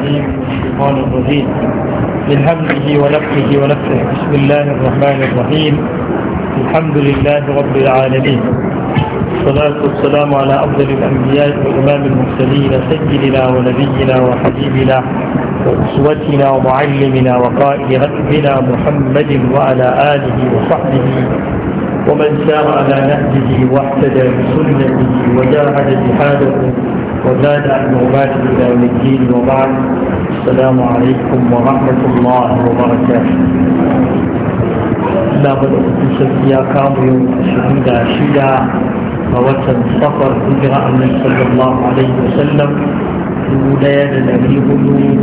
العليم الشيطان الرجيم من همزه ونفسه ونفسه بسم الله الرحمن الرحيم الحمد لله رب العالمين والصلاة والسلام على أفضل الأنبياء وإمام المرسلين سيدنا ونبينا وحبيبنا وأسوتنا ومعلمنا وقائد غدنا محمد وعلى آله وصحبه ومن سار على نهجه واحتدى بسنته وجاهد جهاده وزاد عن عباد إلى يوم الدين وبعد السلام عليكم ورحمة الله وبركاته لا بد أن تسمي كام يوم شهود عشية ووتن صفر هجرة النبي صلى الله عليه وسلم ولاية النبي بنون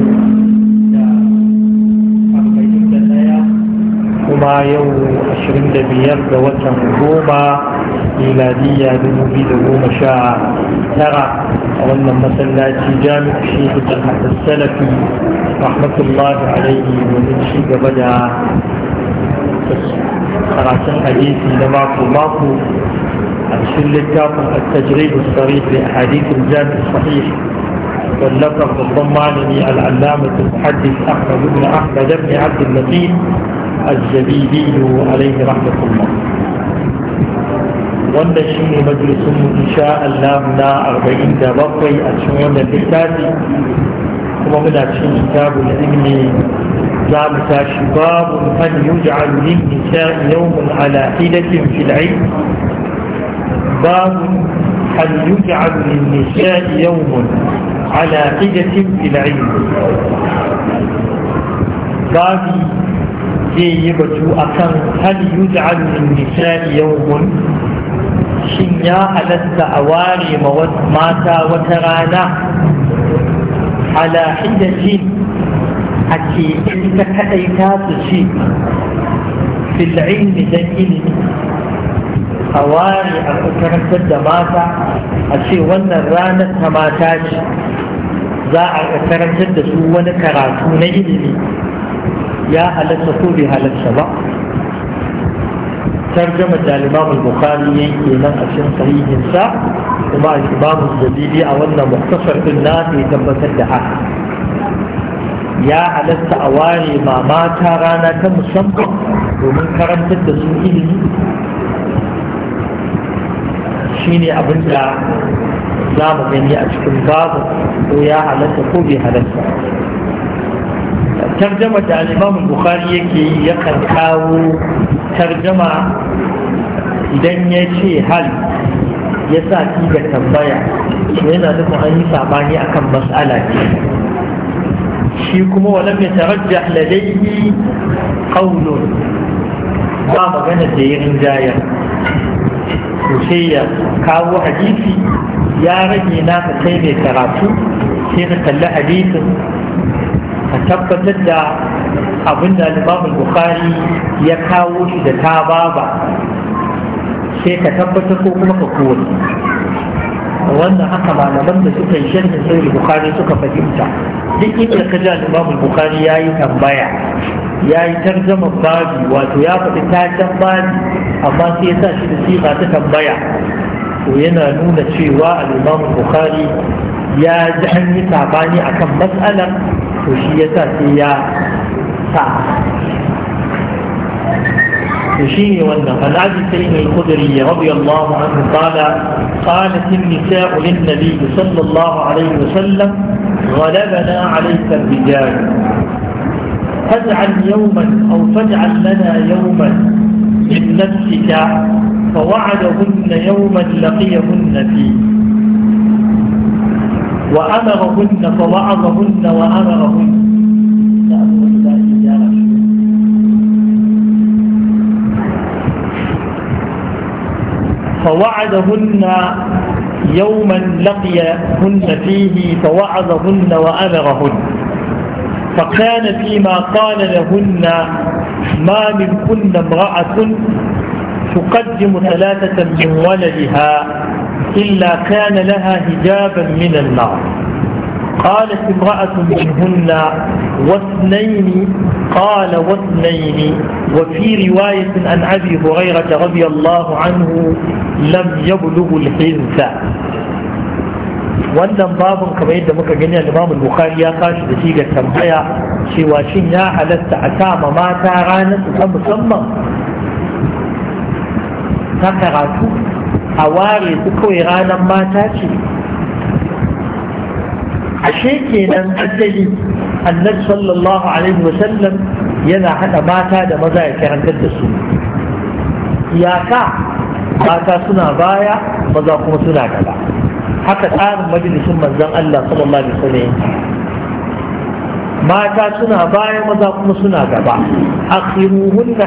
kuma yau 25 ga watan goma ميلادية بمبيد وقوم شاعة ترى أولا في جامع الشيخ الجمعة السلفي رحمة الله عليه ومن شيخ بدأ قراءة الحديث لماكو ماكو أرسل للكافر التجريب الصريح لأحاديث الجامع الصحيح واللقب الضمان العلامة المحدث أحمد بن أحمد بن عبد المتين الزبيدي عليه رحمة الله wanda shi ne majalisun mu insha Allah na arba'in da bakwai a cikin wannan littafi kuma muna cikin kitabu ilmi za mu tashi babu an yuj'al lin nisa'i yawmun ala hidatin fil باب هل يجعل للنساء يوم على عقدة في العلم باب زي يبتو أكن هل يجعل للنساء يوم shin ya halatta a ware mata wata rana ala hidajin a ce ta kadai ta su ce fil ilmi ilimi. a ware a karantar da mata a ce wannan ranar ta mata ce za a karantar da su wani karatu na ilimi ya halatta ko bai halatta ba tarjama da Imam al-Bukhari yake nan a cikin sahihin kuma Imam al-Zabidi a wannan muktasar ɗin na ne tabbatar da haka ya halatta a ware ma mata rana ta musamman domin karantar da su ilimi shine abin da za mu gani a cikin babu ko ya halarta ko bai halatta tarjama da alimamin bukhari yake yi yakan kawo tarjama idan ya ce hal ya sa ga tambaya yana nufin an yi sabani akan mas'ala ce shi kuma walam ya tarajjah ladaihi qawlun ba magana da ya rinjaya sai ya kawo hadisi ya rage naka sai mai karatu sai ka kalli hadisin A tabbatar da abin da limamul bukari ya kawo shi da ta baba sai ka tabbatar ko kuma ka kore wannan haka malaman da suka yi shirin sai bukari suka fahimta duk inda ka ji limamul bukari ya yi tambaya ya yi tarzaman babi wato ya faɗi taken babi amma sai ya sa shi da sifa ta tambaya to yana nuna cewa al bukari ya ji an yi sabani akan matsalar to shi ya sa sai ya sa to shi ne wannan al'adu sai ne kudiri ya rabu Allah anhu qala qalat an-nisa'u lin-nabi sallallahu alaihi wasallam غلبنا عليك الرجال فاجعل يوما أو فاجعل لنا يوما من نفسك فوعدهن يوما لقيهن فيه وأمرهن فوعظهن وأمرهن فوعدهن يوما لقيهن فيه فوعظهن وأمرهن فكان فيما قال لهن ما منكن امرأة تقدم ثلاثة من ولدها إلا كان لها هجابا من النار قالت امرأة منهن واثنين قال واثنين وفي رواية عن أبي هريرة رضي الله عنه لم يبلغ الحنث wannan babun kamar yadda muka gani al-Imam al-Bukhari ya kashi da shi ga tambaya cewa shin ya halatta a sama mata ranar ta musamman ta karatu a ware ku kawai ranar mata ce ashe kenan asali annabi sallallahu alaihi wasallam yana hada mata da maza ya karantar da su iyaka mata suna baya maza kuma suna gaba haka tsarin majalisun manzon Allah sallallahu alaihi wasallam mata suna baya maza kuma suna gaba a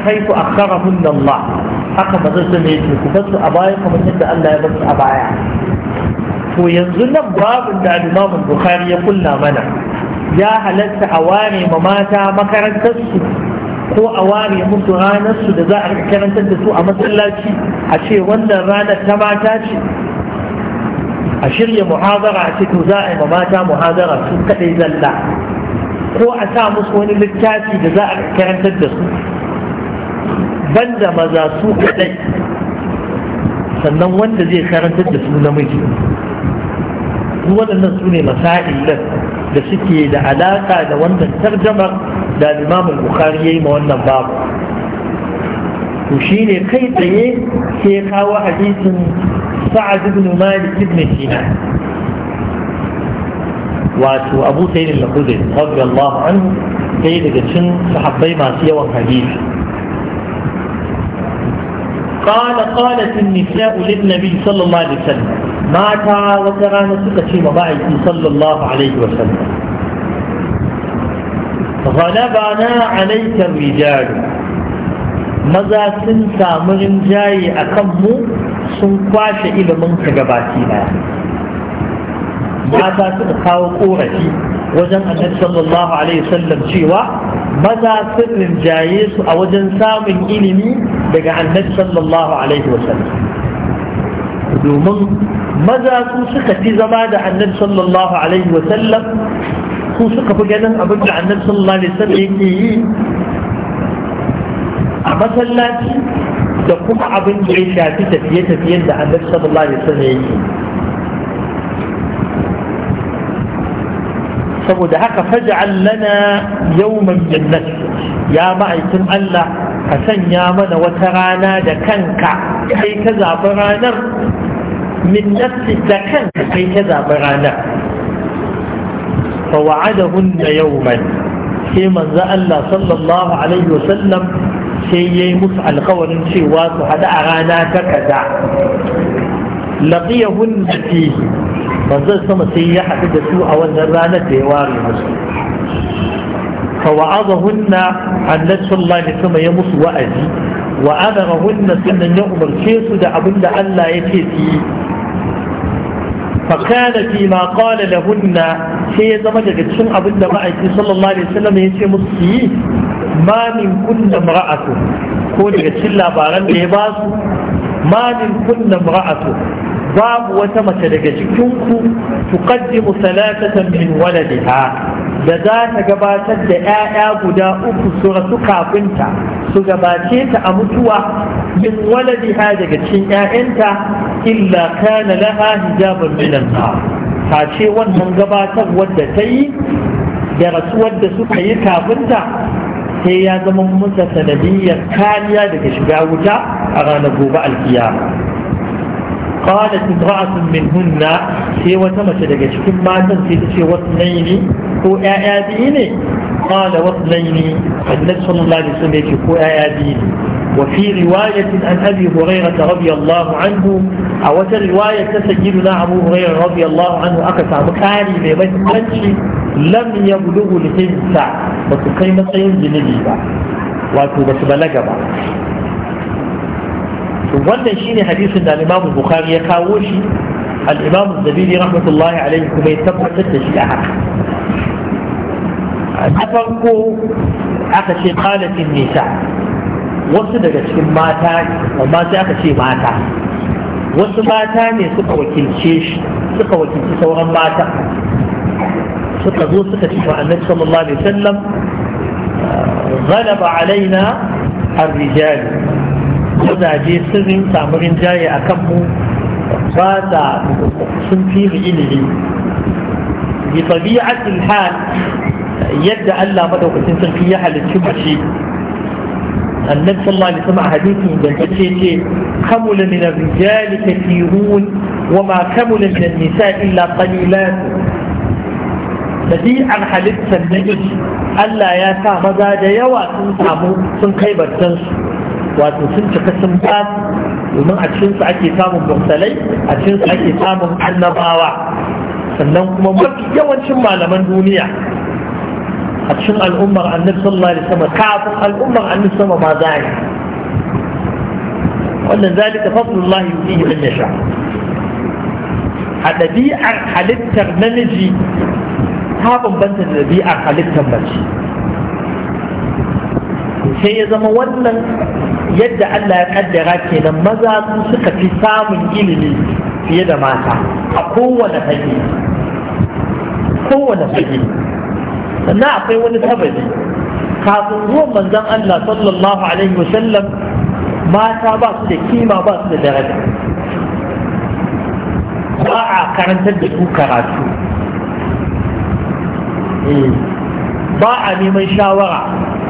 haythu akharahunna Allah haka maza su ne ku basu a baya kamar yadda Allah ya basu a baya to yanzu nan babin da Imam Bukhari ya kulla mana ya halatta a ware ma mata makarantarsu ko a ware musu ranarsu da za a karantar da su a masallaci a ce wannan ranar ta mata ce a shirya muhazara a ce to za a yi ma mata muhazara sun kaɗai zalla ko a sa musu wani littafi da za a karantar da su banda maza su kadai sannan wanda zai karantar da su namiji Su waɗannan su ne masa'ilin da suke da alaƙa da wannan tarjamar da limamin bukari ya yi ma wannan babu to shi ne kai tsaye ke kawo hadisin sa'ad ibn malik ibn sinan wato abu sai da lakudai radiyallahu anhu sai daga cin sahabbai masu yawan hadisi قال قالت النساء للنبي صلى الله عليه وسلم ما تا وترانا سكتي مباعثي صلى الله عليه وسلم غلبنا عليك الرجال maza sun samu rinjaye a kanmu sun kwashe ilimin ka gabaki daya mata suka kawo korafi wajen annabi sallallahu alaihi wasallam cewa maza su rinjaye su a wajen samun ilimi daga annabi sallallahu alaihi wasallam domin maza su suka fi zama da annabi sallallahu alaihi wasallam su suka fi ganin abin da annabi sallallahu alaihi wasallam yake yi a masallaci da kuma abin da ya shafi tafiye-tafiyen da annabi sallallahu alaihi wasallam yake yi saboda haka faj'al lana yawman jannat ya ma'aikin Allah ka sanya mana wata rana da kanka kai ka zaɓi ranar min nafsi da kanka kai ka zaɓi ranar fa wa'adahunna yawman sai manzo Allah sallallahu alaihi wasallam sai yayi musu alƙawarin cewa su hada a rana ta kaza laqiyahunna fihi manzon sama sai ya haɗu da su a wannan ranar da ya ware musu فوعظهن عن نفس الله da يمس وأزي وأمرهن سنة يؤمر كيس دعبن ألا يكيسي فكان فيما قال sai ya zama daga cikin abin da ma'aiki sallallahu alaihi wasallam ya ce musu yi ma min kunna mar'atu ko daga cikin labaran da ya ba su ma min kunna mar'atu babu wata mace daga cikinku tuqaddimu salatatan min waladiha da za ta gabatar da 'ya'ya guda uku su rasu kafinta su gabace ta a mutuwa min waladiha daga cikin 'ya'yanta illa kana laha hijaban minan ta ce wannan gabatar wadda ta yi da rasuwar da suka yi kafinta sai ya zama musa sanadiyyar kariya daga shiga wuta a ranar gobe alkiyama فقالت امرأة منهن سي وتمت لك شكل ما تنسي تسي واثنين هو آيادين قال واثنين النبي صلى الله عليه وسلم يقول هو آيادين وفي رواية عن أبي هريرة رضي الله عنه أو رواية سيدنا أبو هريرة رضي الله عنه أكثر مكاري بمثلتي لم يبلغ الهنسة وتقيمة ينزل لي وتبلغ بقى wannan shine hadisin da Imam Bukhari ya kawo shi al-Imam Zabiri rahmatullahi alaihi kuma ya tabbatar da shi a haka a farko aka ce qalatin nisa wasu daga cikin mata amma sai aka ce mata wasu mata ne suka wakilce shi suka wakilci sauran mata suka zo suka ce wa annabi sallallahu alaihi wasallam غلب علينا الرجال mazaje sirrin samu rinjaye a kanmu ba da sun fi mu ilimi bi tabi'atul hal yadda Allah madaukakin sarki ya halicci mace annabi sallallahu alaihi wasallam hadisi da kace ce kamula min ar-rijali kathirun wa ma kamula min an-nisa illa qalilan tabi'ar halittar namiji Allah ya sa maza da yawa sun samu sun kai battansu wato sun cika sun ba domin a cikinsu ake samun bursalai a cikinsu ake samun annabawa sannan kuma mafi yawancin malaman duniya a cikin al'ummar annabi sallallahu alaihi wasallam kafin al'ummar annabi sallallahu ma zai wannan zalika fadlullah yuti man yasha a ɗabi'ar halittar namiji ta bambanta da ɗabi'ar halittar mace sai ya zama wannan yadda Allah ya kaddara kenan maza su suka fi samun ilimi fiye da mata a kowane fage kowane fage sannan akwai wani sababi kafin zuwan manzon Allah sallallahu alaihi wasallam mata ba su da kima ba su da daraja ba a karantar da su karatu eh, ba a neman shawara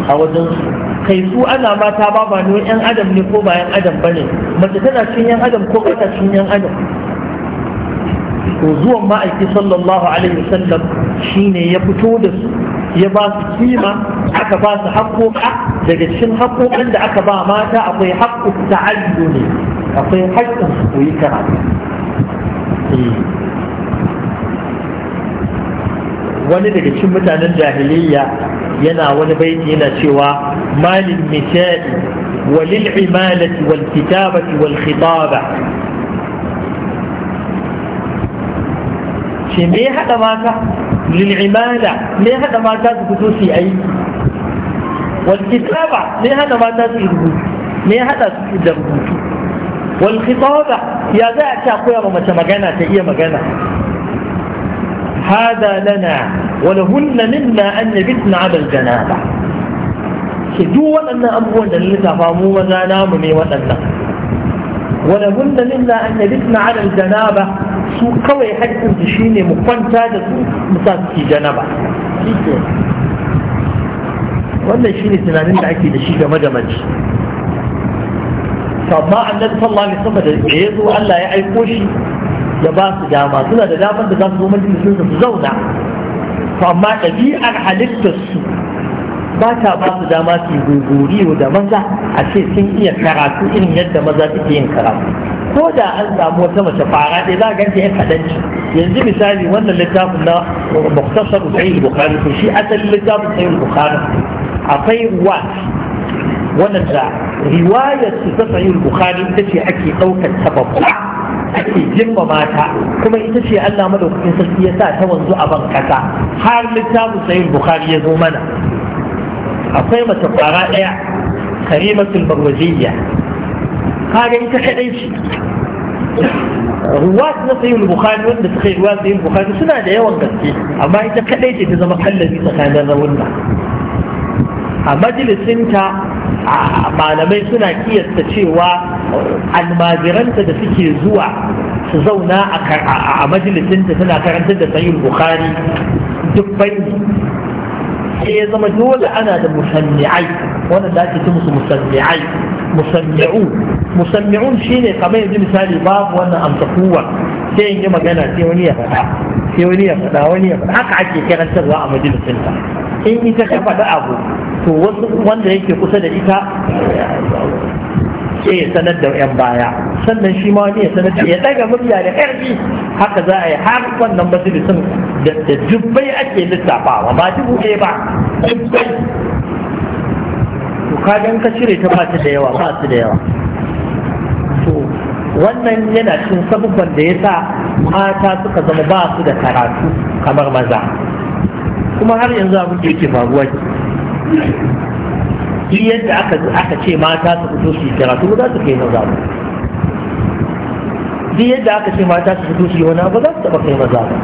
a wajensu kai su ana mata ba ba ne yan adam ne ko ba yan adam ba ne mace tana cikin yan adam ko ba ta cikin yan adam to zuwan ma'aiki sallallahu alaihi wasallam shine ya fito da su ya ba su kima aka ba su haƙoƙa daga cikin haƙoƙan da aka ba mata akwai haƙƙun ta'allu ne akwai haƙƙin su koyi karatu eh. wani daga cikin mutanen jahiliyya yana wani baiti yana cewa malin misha'i walil imalati wal kitabati wal khitaba shi me hada mata lil imala me hada mata su fito su aiki wal kitaba me hada mata su rubutu me hada su da rubutu wal khitaba ya za a ta koya ma mace magana ta iya magana هذا لنا ولهن منا أن نبتنا على الجنابة شدوا أن أبونا اللي تفهموا مزانا مني وأنا ولهن منا أن نبتنا على الجنابة su kawai haƙƙin shi ne mu kwanta da su wannan shi ne tunanin da ake da shi game da mace amma annabi sallallahu alaihi wasallam da ya zo Allah ya aiko shi da ba su dama suna da damar da za su zo majalisun su zauna to amma ɗabi'ar halittar su ba ta ba su dama su gogori da maza a ce sun iya karatu irin yadda maza suke yin karatu ko da an samu wata mace fara ɗaya za a ganta ya kaɗan yanzu misali wannan littafin na muktasar sahih bukhari to shi asalin littafin sahih bukhari akwai wasi wannan da riwayar su ta sahih bukhari ita ce ake ɗaukar ta babba ake girma mata kuma ita ce Allah madaukakin sarki ya sa ta wanzu a ban kasa har littafin sayin bukhari ya zo mana akwai mace kwara ɗaya karimatul barwaziyya kaga ita kaɗai ce ruwat na sayin bukhari wanda suka yi ruwat sayin bukhari suna da yawan gaske amma ita kadai ce ta zama kallabi tsakanin rawunna a majalisinta malamai suna kiyasta cewa almajiranta da suke zuwa su zauna a majalisinta suna karantar da sayin bukhari duk fanni sai ya zama dole ana da musanni'ai wanda ake ce musu musanni'ai musanni'u musammi'un shine kamar yanzu misali babu wannan amsa sai yanke yi magana sai wani ya faɗa sai wani ya faɗa wani ya faɗa haka ake karantarwa a majalisin ta in ita ta faɗa abu to wasu wanda yake kusa da ita sai ya sanar da yan baya sannan shi ma wani ya sanar da ya ɗaga murya da ƙarfi haka za a yi har wannan majalisin da dubbai ake lissafawa ba dubu ɗaya ba dubbai to kagan ka cire ta ba da yawa ba su da yawa wannan yana cikin sabubban da ya sa mata suka zama ba su da karatu kamar maza kuma har yanzu abin da yake faruwa shi yadda aka ce mata su fito su yi karatu ba za su kai maza ba duk yadda aka ce mata su fito su yi wani ba za su taɓa kai maza ba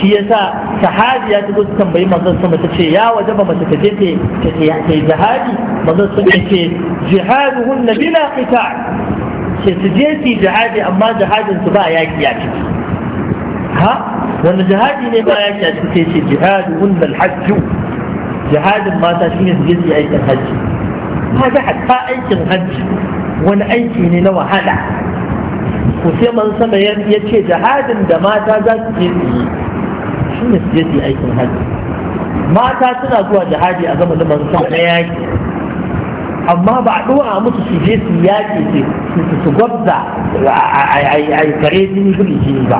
shi yasa sahabiya ta zo tambayi manzon sama ta ce ya waje ba mace ta je ta ta ya kai jihadi manzon sama ya ce jihaduhun na bila qita ce su je su jihadi amma jihadin su ba yaki ya ciki ha wanda jihadi ne ba yaki ya ciki sai ce jihaduhun na alhajju jihadin mata shine su je su yi aikin hajji ba ga hatta aikin hajji wani aiki ne na wahala ku sai man sama ya ce jihadin da mata za su je su yi shi su yi aikin hajji mata suna zuwa jihadi a zama manzo na yaƙi, amma ba a ɗora musu su je su yaƙi su gwabza a kare jini gudun jini ba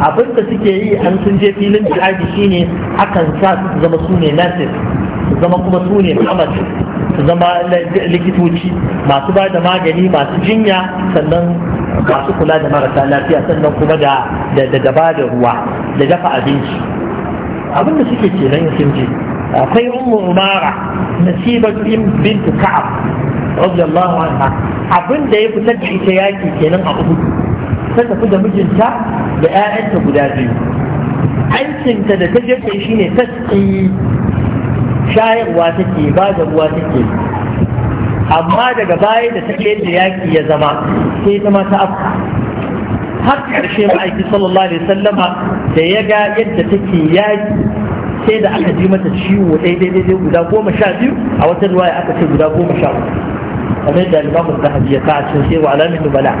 abinda suke yi an sun je filin jihadi shine akan sa su zama su ne nasir su zama kuma su ne su zama likitoci masu ba da magani masu jinya sannan masu kula da marasa lafiya sannan kuma da da da ruwa da dafa abinci abin da suke ce nan sun ji akwai ummu umara nasibatu bint ka'ab radiyallahu anha abin da ya fitar da ita yaki kenan a uku ta tafi da mijinta da 'ya'yanta guda biyu aikinta da ta jefe shine tasqi shayarwa take ba da ruwa take amma daga baya da take da yaki ya zama sai zama ta afka har karshe ma'aiki sallallahu alaihi sallama da ya ga yadda take yaki sai da aka ji mata ciwo daidai daidai guda goma sha biyu a wata ruwaya aka ce guda goma sha uku kamar da limamun da hajiya ta a cikin sai wa alamin dubala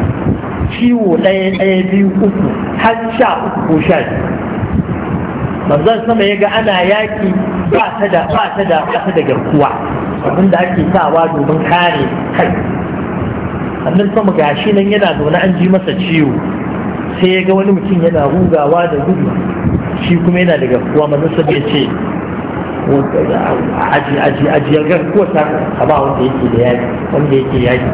ciwo ɗaya ɗaya biyu uku har sha uku ko sha biyu manzon sama ya ga ana yaki ba ta da ba ta da ba ta da garkuwa da ake sawa domin kare kai annan sama shi nan yana zaune an ji masa ciwo sai ya ga wani mutum yana rugawa da gudu shi kuma yana daga kuwa manasa bai ce ajiyar kuwa ta kaba wanda yake da yaki wanda yake yaki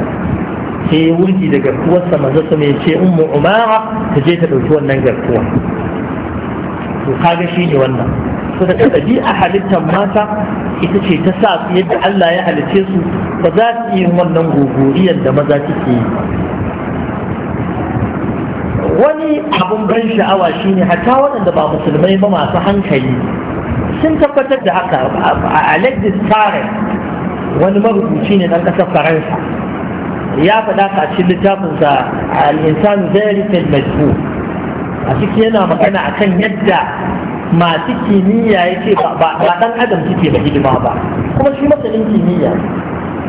sai ya wurgi da garkuwarsa manasa mai ce ummu umara ta je ta ɗauki wannan kuwa to kaga shi ne wannan su daga ɗabi'a halittar mata ita ce ta sa su yadda Allah ya halice su ba za su yi wannan gogoriyar da maza suke yi wani abin ban sha'awa shine hatta waɗanda ba musulmai ba masu hankali sun tabbatar da haka a alexis tarek wani marubuci ne ɗan ƙasar faransa ya faɗa ka a cikin littafinsa al-insan very majmu a ciki yana magana akan yadda masu kimiyya ya ce ba ɗan adam suke da hidima ba kuma shi masanin kimiyya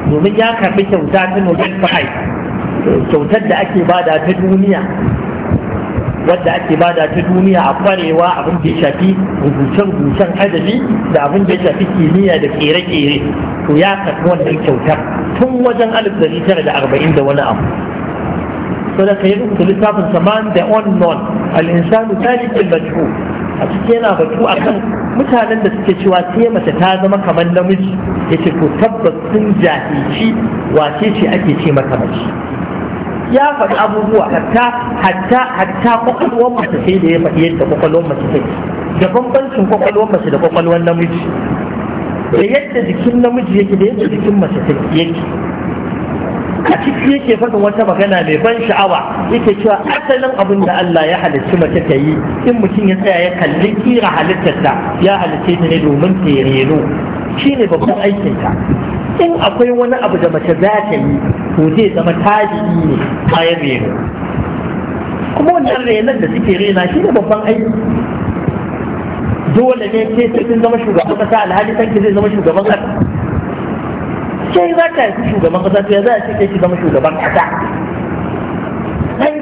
domin ya karɓi kyauta ta nobel prize kyautar da ake bada ta duniya wadda ake bada ta duniya a kwarewa abin da ya shafi rubuce-rubucen adabi da abin da ya shafi kimiyya da kere-kere to ya karɓi wannan kyautar tun wajen alif dari tara da arba'in da wani abu saboda ka yi rubuta littafin saman da on non al-insanu talibin majhul a cikin yana batu akan mutanen da suke cewa sai mace ta zama kamar namiji ce ko tabbas sun jahilci wace ce ake ce mata mace ya faɗi abubuwa hatta hatta hatta kwakwalwar mace sai da ya faɗi yadda kwakwalwar mace take da bambancin kwakwalwar mace da kwakwalwar namiji da yadda jikin namiji yake da yadda jikin mace take yake a ciki yake faɗin wata magana mai ban sha'awa yake cewa asalin abin da Allah ya halicci mace ta yi in mutum ya tsaya ya kalli kira halittarta ya halicce ta ne domin ta yi reno shi ne babban aikinta in akwai wani abu da mace za ta yi to zai zama tajiri ne bayan reno kuma wannan renon da suke rena shi ne babban aiki dole ne ke sai zama shugaban kasa alhali kanki zai zama shugaban kasa sai za ka yi shugaban kasa ya za a ce kai ki zama shugaban kasa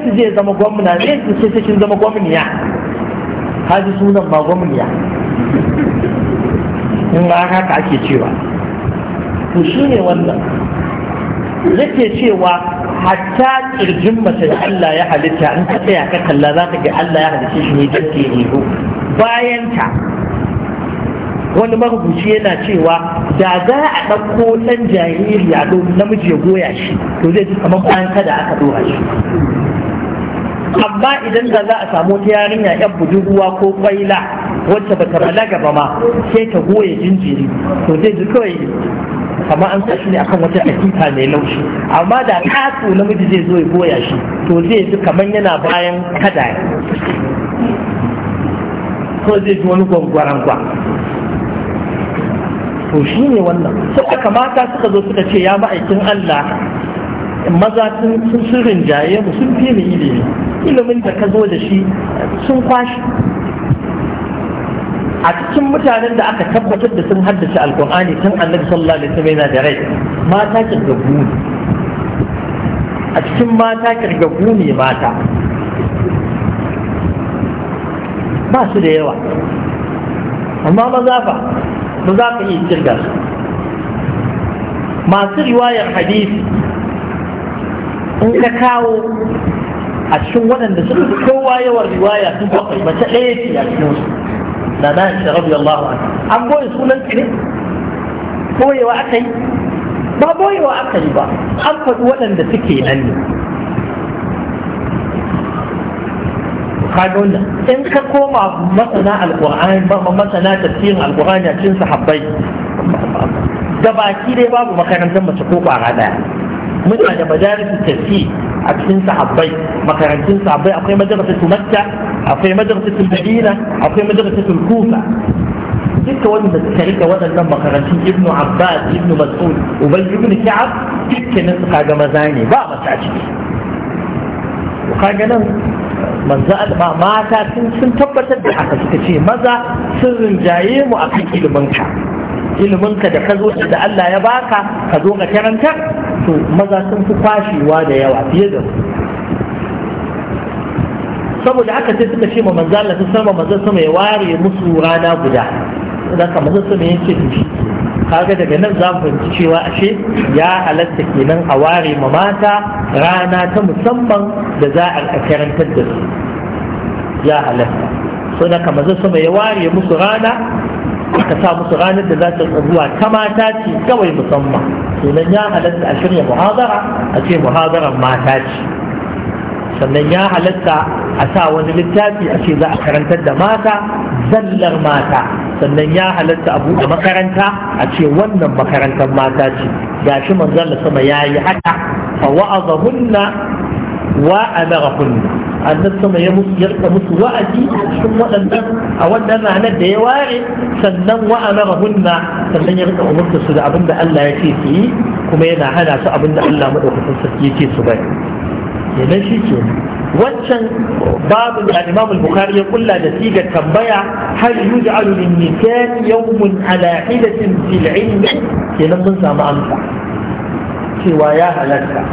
su zai zama gwamna ne su ce sai zama gwamniya ka ji sunan ma gwamniya in ba haka ake cewa to shi ne wannan yake cewa hatta kirjin mace da Allah ya halitta in ka tsaya ka kalla za ka ga Allah ya halitta shi ne don ke bayan ta wani marubuci yana cewa da za a ɗauko ɗan jariri a ɗau namiji ya goya shi to zai ji kamar bayan kada aka ɗora shi amma idan da za a samu ta yarinya yan budurwa ko kwaila wacce bata balaga ba ma sai ta goya jinjiri to zai ji kawai kamar an sashi ne akan wata akita mai laushi amma da kasu namiji zai zo ya goya shi to zai ji kamar yana bayan kada ko zai ji wani gwangwaran gwa to shi ne wannan sai aka mata suka zo suka ce ya ma'aikin Allah maza sun sun rinjaye mu sun fi mu ilimi ilimin da ka zo da shi sun kwashi a cikin mutanen da aka tabbatar da sun haddace alkur'ani tun annabi sallallahu alaihi wasallam yana da rai mata kirgagu ne a cikin mata kirgagu ne mata ba su da yawa amma maza fa ba za ka iya kirga su masu riwayar hadisi in ka kawo a cikin waɗanda suka fi kowa yawan riwaya sun bakwai mace ɗaya ce a cikin su da na shi rabu Allah an goye sunan ne boyewa aka yi ba boyewa aka yi ba an faɗi waɗanda suke nan ne kaga wannan in ka koma masana alqur'ani masana tafsirin alqur'ani a cikin sahabbai da baki dai babu makarantar mace ko kwara daya muna da majalisun tafsir a cikin sahabbai makarantun sahabbai akwai madrasatul makka akwai madrasatul madina akwai madrasatul kufa duka wanda suka rika waɗannan makarantun ibnu abbas ibnu mas'ud ubay ibn ka'ab dukkanin su kaga maza ne ba mace a ciki kaga nan manzo mata sun tabbatar da haka suka ce maza sun rinjaye mu a kan iliminka iliminka da ka zo da Allah ya baka ka zo ka karanta to maza sun fi kwashewa da yawa fiye da saboda haka sai suka ce ma manzo Allah sun sama manzo sama ya ware musu rana guda idan ka manzo sama yake shi kaga daga nan za mu fahimci cewa ashe ya halatta kenan a ware ma mata rana ta musamman da za a karantar da su ya halatta so da kamar sama ya ware musu rana aka sa musu ranar da za ta zuwa ta mata ce kawai musamman sunan ya halatta a shirya muhazara a ce muhazaran mata ce sannan ya halatta a sa wani littafi a ce za a karantar da mata zallar mata sannan ya halatta a buɗe makaranta a ce wannan makarantar mata ce gashi manzon da sama yayi haka fa wa'adahunna wa amarahunna annabi sama ya musu yarda musu wa'azi cikin waɗannan a wannan ranar da ya ware sannan wa amarahunna sannan ya rika umurta su da abinda Allah ya ce su yi kuma yana hana su abinda Allah madaukakin sarki ya ce su bari kenan shi kenan waccan babu da Imam al-Bukhari ya kulla da siga tambaya hal yuj'alu lin nisan yawmun ala hilatin fil ilmi kenan mun samu amsa cewa ya halatta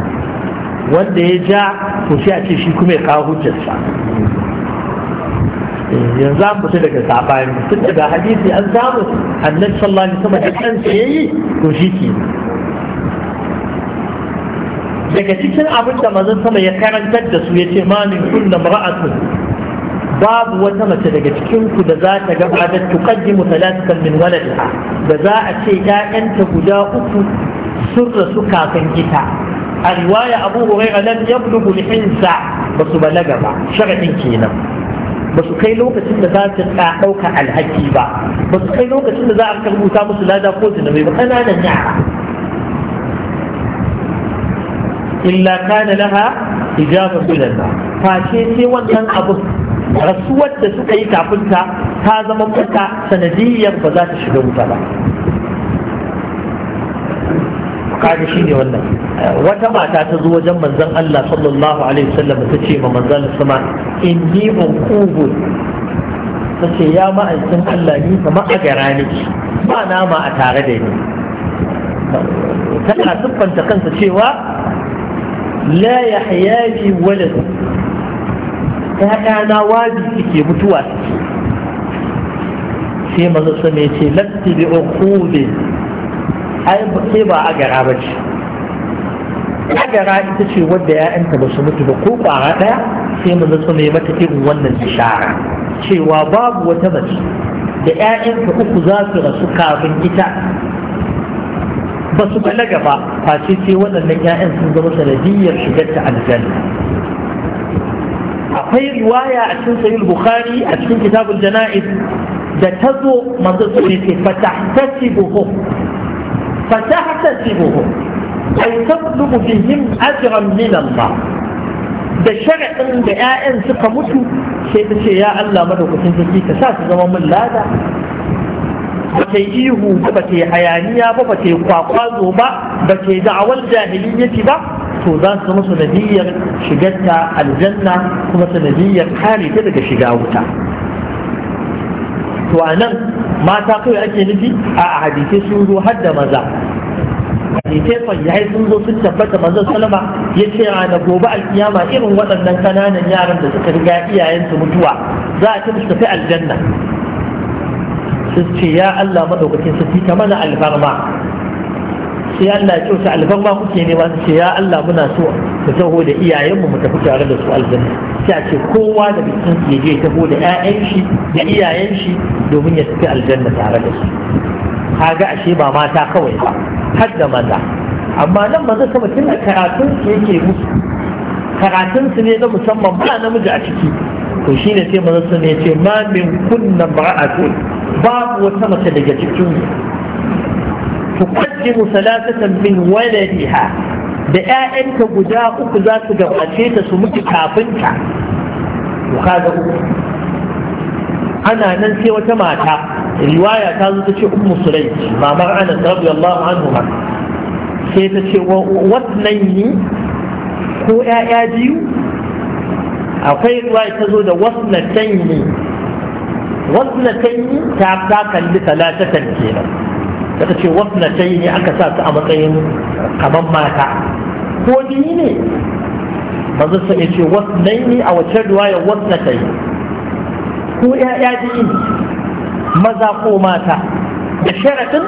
wanda ya ja to sai a ce shi kuma ya kawo hujjarsa eh, yanzu an fita daga sabani tun daga hadisi an samu annabi sallallahu alaihi wasallam da kansa yayi to shi ke daga cikin abin da mazan sama ya karantar da su ya ce ma min kunna mar'atun babu wata mace daga cikin ku da za ta gaba da tuqaddimu thalathan min waladiha da za a ce ƴaƴanta guda uku sun rasu kafin ita a riwaya abu hurairah lam yablughu al-hinsa basu balaga ba sharadin kenan ba su kai lokacin da za su ɗauka alhaki ba ba su kai lokacin da za a rubuta musu lada ko zinabai ba ƙananan yara illa kana laha ijaba bilalla face sai wannan abu rasuwar da suka yi kafin ta ta zama mata sanadiyyar ba za ta shiga wuta ba kaga shi ne wannan wata mata ta zo wajen manzon Allah sallallahu alaihi wasallam ta ce ma manzon sama inni unqubu ta ce ya ma'aikin Allah ni kamar a gara ba nama a tare da ni tana siffanta kansa cewa لا يحيا لي ولد فهكا أنا واجب سكي متوا في ما سميتي لبت بعقود أي با أقرأ بجي أقرأ ودا يا أنت بسمت بقوة غدا في ماذا سميتي إن ون الإشارة شيء وباب وتمشي da ‘ya'yanka uku za su rasu kafin ita ba su balaga ba face sai waɗannan 'ya'yan sun zama sanadiyyar shigar ta aljanna akwai riwaya a cikin sahih bukhari a cikin kitabul janaiz da ta zo manzo sai ce fatahtasibuhum fatahtasibuhum ay tablugu bihim ajran min Allah da sharaɗin da 'ya'yan suka mutu sai ta ce ya Allah madaukakin sarki ka sa su zama min lada ba ta yi ihu ba ba ta yi hayaniya ba ba ta yi kwakwazo ba ba ta yi da'awar jahiliyyati ba to za su zama sanadiyyar shigarta aljanna kuma sanadiyyar kare ta daga shiga wuta to a nan mata kawai ake nufi a hadisai sun zo har da maza hadisai sahihai sun zo sun tabbata manzon salama ya ce na gobe alkiyama irin waɗannan kananan yaran da suka riga iyayensu mutuwa za a musu tafi aljanna sun ce ya Allah madaukakin sarki ka mana alfarma sai Allah ya kyauta alfarma kuke ne ba ce ya Allah muna so mu taho da iyayenmu mu tafi tare da su aljanna sai a ce kowa da bikin ya je taho da ƴaƴan shi da iyayen shi domin ya tafi aljanna tare da su kaga ashe ba mata kawai ba har da maza amma nan maza sama tun da karatun su yake musu karatun su ne na musamman ba namiji a ciki to shine sai maza su ne ce ma min kunna mar'atun babu wata mace daga cikin tuqaddimu salasatan min waladiha da ƴaƴanta guda uku za su gabace ta su mutu kafin ta to kaga uku ana nan sai wata mata riwaya ta zo ta ce ummu sulaim mamar anas radiyallahu anhu sai ta ce wannan ni ko ƴaƴa biyu akwai riwaya ta zo da wasnatan ne wasnatayn ta ta kalli talatatan kenan daga ce wasnatayn aka sa su a matsayin kaman mata ko biyu ne manzo sa ya ce ne a wace riwaya wasnatayn ko ya'ya biyu maza ko mata da sharaɗin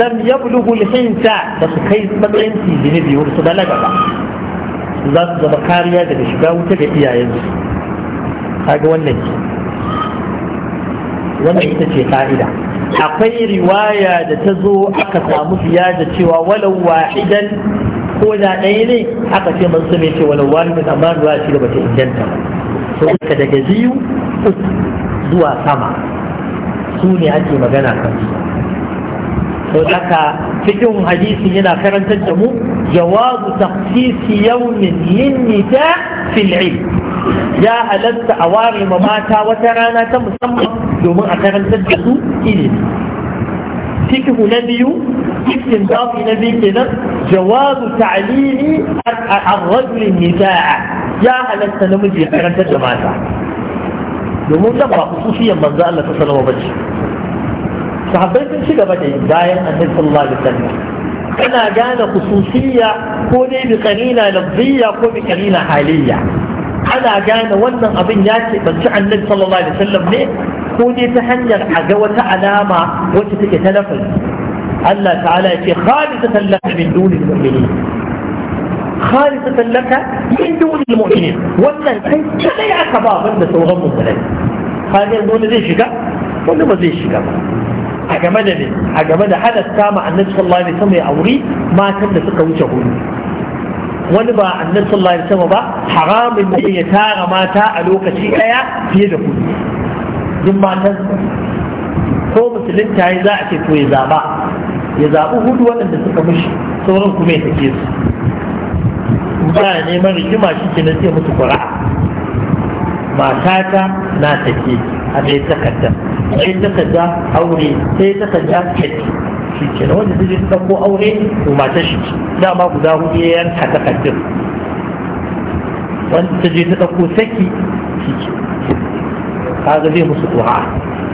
lam yablughu al-hinta da su kai matsayin tijini biyu su balaga ba za su zama kariya daga shiga wuta ga iyayensu kaga wannan ke wannan ita ce ka'ida akwai riwaya da ta zo aka samu fiya da cewa walau idan ko da ɗaya ne aka ce man sami ce walau wahidan amma ruwa da bata inganta ba su ka daga biyu zuwa sama su ne ake magana kan su so haka cikin hadisi yana karantar da mu jawabu tafsisi yaunin yin nita ya halatta a ware ma mata wata rana ta musamman domin a karantar da su ilimi fikihu na biyu cikin zafi na biyu kenan jawabu ta'alimi ar-rajul nisaa ya halatta namiji ya karantar da mata domin da ba khususiyan manzo Allah ta sallama bace sahabbai sun ci gaba da bayan annabi sallallahu alaihi wasallam kana gane khususiyya ko dai bi qalila lafziyya ko bi qalila haliyya ana gane wannan abin ya ce ban ci annabi sallallahu alaihi wasallam ne ko dai ta hanyar a ga wata alama wacce take ta lafazi Allah ta'ala ya ce khalisa tallaka min dunil mu'minin khalisatan laka min dunil mu'minin wannan kai kadai aka ba banda sauran mu'minai kaga wani zai shiga wani ba zai shiga ba a game da ne a game da halatta ma annabi sallallahu alaihi wasallam ya auri matan da suka wuce hudu wani ba annabi sallallahu alaihi wasallam ba haramun ne ya tara mata a lokaci daya fiye da kudu duk matan ko musulunta ya za a ce to ya zaba ya zabi hudu waɗanda suka mishi sauran kuma ya take su ba ya neman rigima shi ke na sai musu kura matata na take a ɗaya takarda ɗaya takarda aure sai takarda kake shi ke na wanda zai ta ko aure to mata shi ce dama guda hudu ya yanka ta kaddin wanda ta je ta ɗauko saki shi ce kaga zai musu duha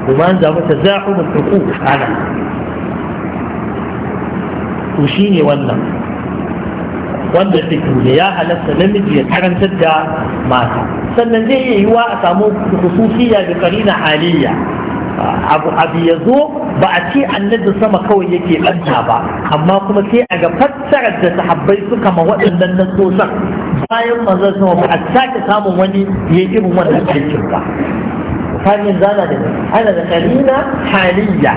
kuma an za ta za'u da tuku ana to shi ne wannan wanda take ya halatta namiji ya karantar da mata sannan zai iya yiwuwa a samu khususiyya da karina aliyya abu ya zo ba a ce annabi sama kawai yake ɓanta ba amma kuma sai a ga fassarar da sahabbai suka ma waɗannan nasosan bayan manzon sama ba a sake samun wani ya yi irin wannan aikin ba fahimin zana da ana da kalina haliya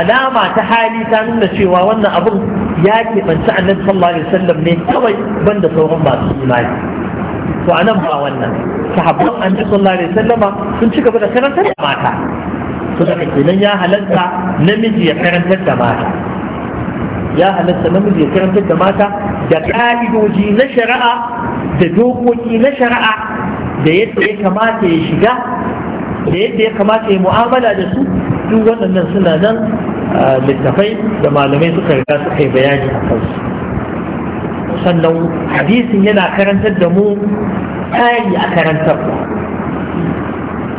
alama ta hali ta nuna cewa wannan abun ya keɓanci annabi sallallahu alaihi wasallam ne kawai banda sauran masu imani to a nan ba wannan sahabban an ji sallallahu alaihi sallama sun ci gaba da karantar da mata to ya halatta namiji ya karantar da mata ya halatta namiji ya karantar da mata da ka'idoji na shari'a da dokoki na shari'a da yadda ya kamata ya shiga da yadda ya kamata ya mu'amala da su duk waɗannan suna nan littafai da malamai suka riga suka yi bayani a kansu sannan hadisin yana karantar da mu kari a karantarwa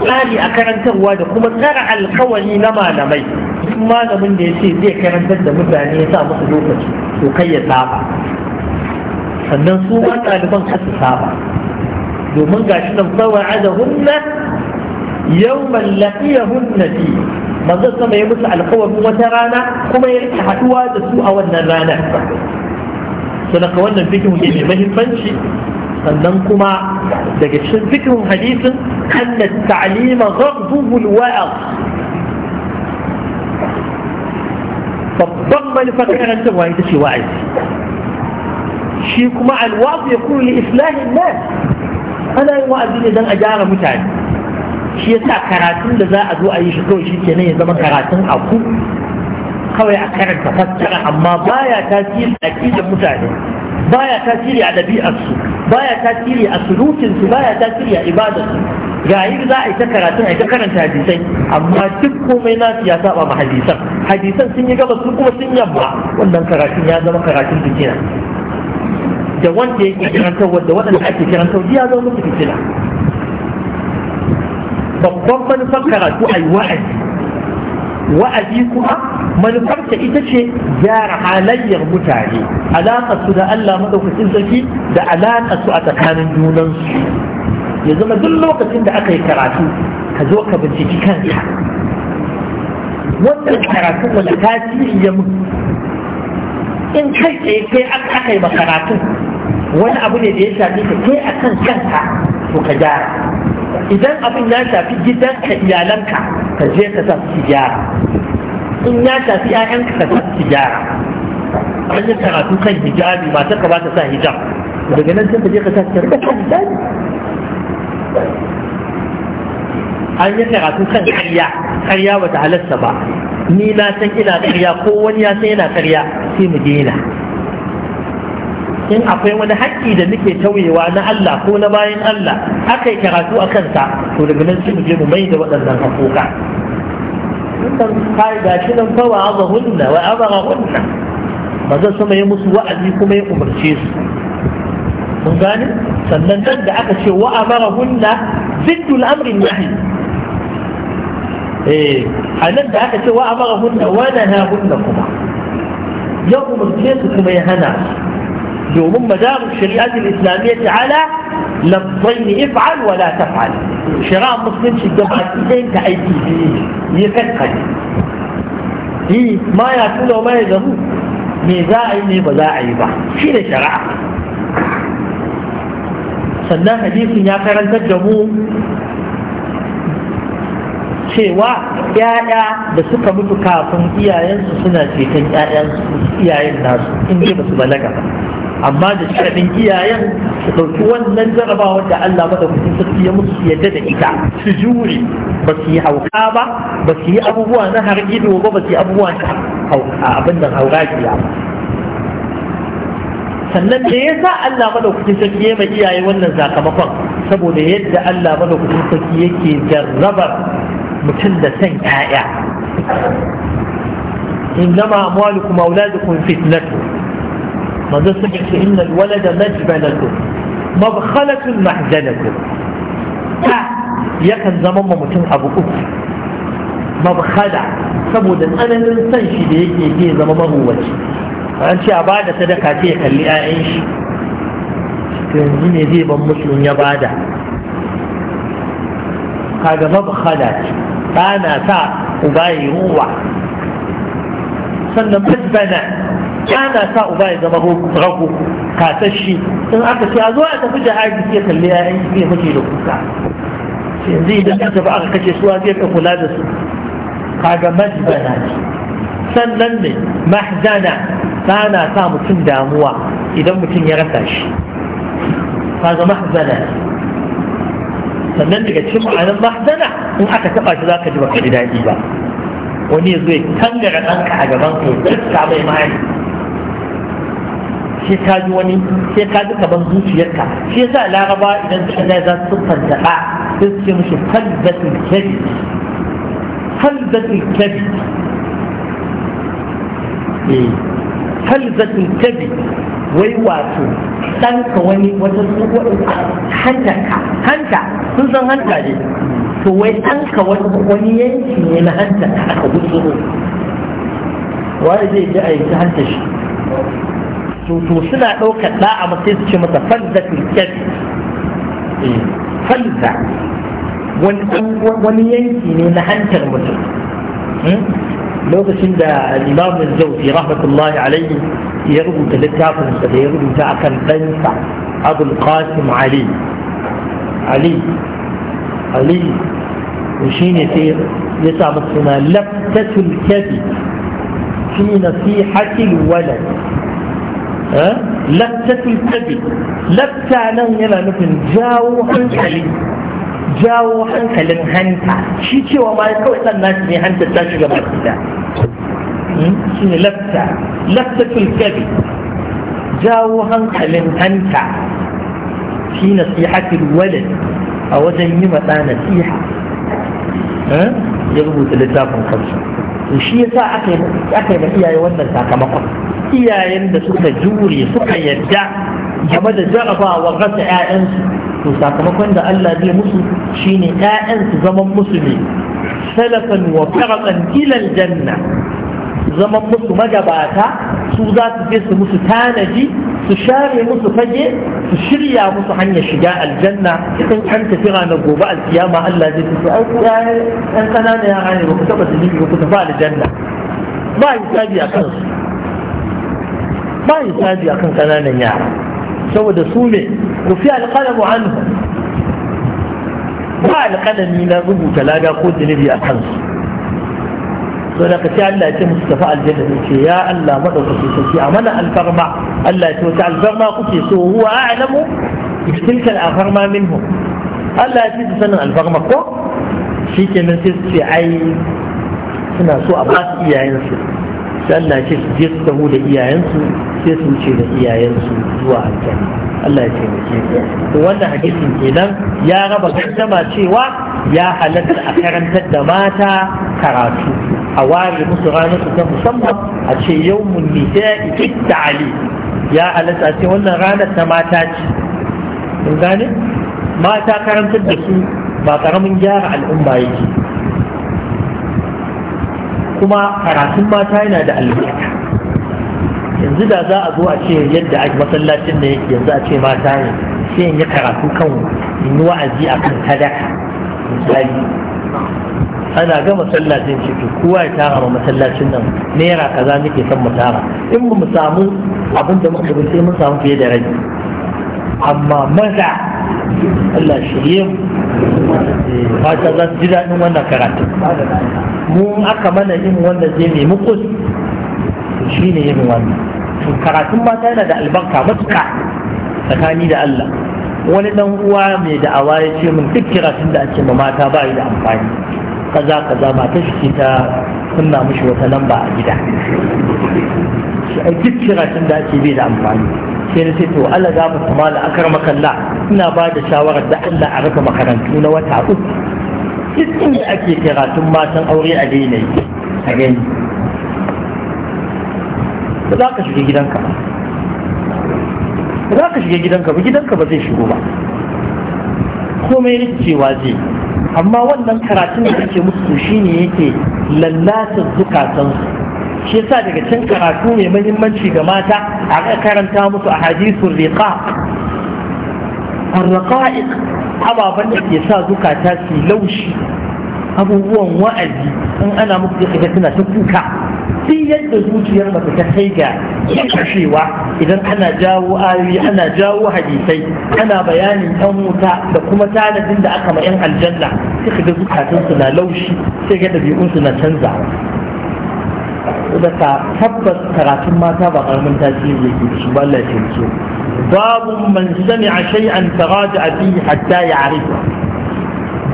alƙur'ani a karantarwa da kuma tsara alkawari na malamai duk malamin da ya ce zai karantar da mutane ya sa musu lokaci to kai ya saba sannan su ma ɗaliban ka su saba domin ga shi nan ada hunna yau mallakiyahunna fi manzon sama ya musu alkawarin wata rana kuma ya rike haɗuwa da su a wannan ranar. Sanaka wannan fikin ne mai mahimmanci sannan kuma daga cikin fikirin hadisin anna ta'lima ghadbuhu al-wa'd babban manufar karantarwa ita ce wa'azi shi kuma alwa'd ya kuma li islahin nas ana yin wa'azi ne dan a gyara mutane shi yasa karatun da za a zo a yi shi kawai shi kenan ya zama karatun aku kawai a karanta fassara amma baya tasiri a kidan mutane baya tasiri a ɗabi'arsu baya tasiri a sulukinsu. su baya tasiri a ibadarsu. su ga yi za a yi ta karatun a yi ta karanta hadisai amma duk komai nasu ya saba ma hadisan hadisan sun yi gaba su kuma sun yamma wannan karatun ya zama karatun fitina da wanda yake kiran karantarwa da waɗanda ake kiran karantarwa ya zama musu fitina babban manufan karatu a yi wa'azi wa'azi kuma manufarta ita ce gyara halayyar mutane alaƙar su da Allah madaukakin sarki da alaƙar su a tsakanin junansu ya zama duk lokacin da aka yi karatu ka zo ka binciki kanka wannan karatun wani tasiri ya mun in kai tsaye kai aka yi makaratun wani abu ne da ya shafi ka kai a kan kanka to ka gyara idan abin ya shafi gidanka iyalanka ka je ka sa su gyara in ya shafi ƴaƴan ka sa su gyara an yi karatu kan hijabi mata ka ba ta sa hijab daga nan sai ka je ka sa su rika sa hijabi an yi karatu kan karya karya ba ta halasta ba ni na san ina karya ko wani ya san yana karya sai mu daina in akwai wani haƙƙi da muke tauyewa na Allah ko na bayan Allah aka yi karatu a kansa to daga nan sai mu je mu mai da waɗannan haƙoƙa wannan fa'ida shi nan fa a aza hunna wa abara hunna manzon sama ya musu wa'azi kuma ya umarce su mun gane sannan nan da aka ce wa amara hunna ziddul amrin nahi eh a nan da aka ce wa amara hunna wa naha hunna kuma ya umarce su kuma ya hana su domin madarar shari'atul islamiyya ala lafzaini if'al wala taf'al shari'a musulunci da baki ɗayan ta aiki biyu ya kankare yi ma ya tuna ma ya zamu me za a yi ne ba za a yi ba shi ne shari'a sannan hadisin ya karantar da mu cewa ‘ya'ya da suka mutu kafin iyayensu suna ceton ‘ya'yan iyayen nasu in ba su balaga ba amma da shaɗin iyayen su ɗauki wannan jarabawar da Allah madaukakin sarki ya musu yadda da ita su jure ba su yi hauka ba ba su yi abubuwa na har ido ba ba su yi abubuwa na abin da haura biya ba sannan da ya sa Allah madaukakin sarki ya mai iyaye wannan sakamakon saboda yadda Allah madaukakin sarki yake jarrabar mutum da san 'ya'ya إنما أموالكم وأولادكم فتنة manzo suka ce inna alwalada majbalatu mabkhalatun mahjalatu ta yakan zama ma mutum abu uku mabkhala saboda tsananin san shi da yake ke zama maruwaci an ce a bada sadaka ce ya kalli 'ya'yan shi yanzu ne zai ban musulun ya bada kaga mabkhala ce ɗana sa ruwa sannan ana sa uba ya zama rago kasashe in aka ce a zuwa tafi da jihadi sai kalli ya yi zai mace da kuka yanzu idan ka ba aka kashe suwa zai ka kula da su kaga majbana ce sannan ne mahzana tana sa mutum damuwa idan mutum ya rasa shi kaga mahzana sannan daga cikin ma'anar mahzana in aka taba shi zaka ji baka ji daɗi ba wani ya zo ya tangara ɗanka a gaban ka ya tsaka mai mahaifi sai ka ji wani sai ka ji kaban zuciyarka shi yasa laraba idan ta ga za su fanta da sai su ce mishi halbatul kabid halbatul kabid eh halbatul kabid wai wato ɗanka wani wata hantaka hanta sun san hanta ne to wai ɗanka wani yanki ne na hanta aka gudu wani zai ji a yanki hanta shi توصلنا لوك لا أما تيجي مثلا فلذة الكذب فلذة ون من حنك المتر لو بس الإمام الزوفي رحمة الله عليه يرد ثلاثة عشر سنة يرد ذاك البنفع أبو القاسم علي علي علي وشين يصير يسمع سنا لفتة الكذب في نصيحة الولد Eh? lattatul kabi latta nan yana nufin jawo hankali jawo hankalin hanta shi cewa ma kawai ɗan nashi ne hanta ta shiga baki da hmm? shi ne latta lattatul kabi jawo hankalin hanta shi nasihatul walad a wajen yi matsa nasiha eh? ya rubuta littafin kansa to shi yasa aka yi ma iyaye wannan sakamakon iyayen da suka jure suka yadda game da jarabawa rasa 'ya'yansu to sakamakon da Allah zai musu shine 'ya'yansu zaman musu ne salafan wa farqan ilal janna zaman musu magabata su za su je su musu tanaji su share musu fage su shirya musu hanyar shiga aljanna Idan an tafi ranar gobe alkiyama Allah zai tafi ai ku yayi ɗan yara ne ba ku taɓa zunubi ba ku tafi aljanna ba hisabi a kansu ba hisabi akan kananan yara saboda su ne rufi alƙalamu anhu ba alƙalami na rubuta lada ko zunubi a kansu sau da ka ce Allah ce musu tafi aljanna ne ce ya Allah maɗaukaki sarki a mana alfarma Allah ce wata alfarma kuke so huwa a alamu tilka alfarma minhu Allah ya fi su sanin alfarma ko shi ke nan sai su ce ai suna so a ba su iyayensu sai Allah ce su je su taho da iyayensu sai su wuce da iyayensu zuwa aljanna Allah ya taimake su wannan hadisin kenan ya raba gaddama cewa ya halatta a karantar da mata karatu a ware musu ranar su ta musamman a ce yau mun nisa'i fit Ali ya halatta ce wannan ranar ta mata ce kun gane mata karantar da su ba karamin gyara al'umma yake kuma karatun mata yana da albarka yanzu da za a zo a ce yadda ake masallacin da yake yanzu a ce mata ne sai in yi karatu kan in yi wa'azi a kan sadaka misali ana ga masallacin ciki kowa ya tara ma masallacin nan naira kaza muke son mu tara in mu samu abin da muka sai mun samu fiye da rabi amma maza Allah shirye eh, mata za su ji daɗin wannan karatu aka mana yin wanda zai mai mukus shi ne yin wannan to karatun mata yana da albarka matuka tsakani da Allah wani dan uwa mai da'awa ya ce min duk karatun da ake ma mata ba yi da amfani kaza kaza mata shi ta kunna mishi wata lamba a gida shi a duk karatun da ake bai da amfani sai na sai to Allah za mu kuma da akar makalla ina ba da shawarar da Allah a rufe makarantu na wata uku duk inda ake karatun matan aure a daina a gani ba za ka shiga gidanka ba ba za ka shiga gidanka ba gidanka ba zai shigo ba komai rikicewa zai amma wannan karatun da kake musu ne yake lallatar zukatansu shi yasa daga can karatu mai mahimmanci ga mata a karanta musu a hadisun riƙa arraƙa'iq ababen da ke sa zukata su laushi abubuwan wa'azi in ana muku da kaga suna ta kuka duk yadda zuciyar mata ta kai ga kashewa idan ana jawo ayoyi ana jawo hadisai ana bayanin ɗan wuta da kuma tanadin da aka ma yan aljanna sai ga zukatunsu na laushi sai ga ɗabi'unsu na canzawa da ka tabbas karatun mata ba karamin tasiri yake da shi wallahi ce ce babu man sani sami'a shay'an taraja fihi hatta ya'rifa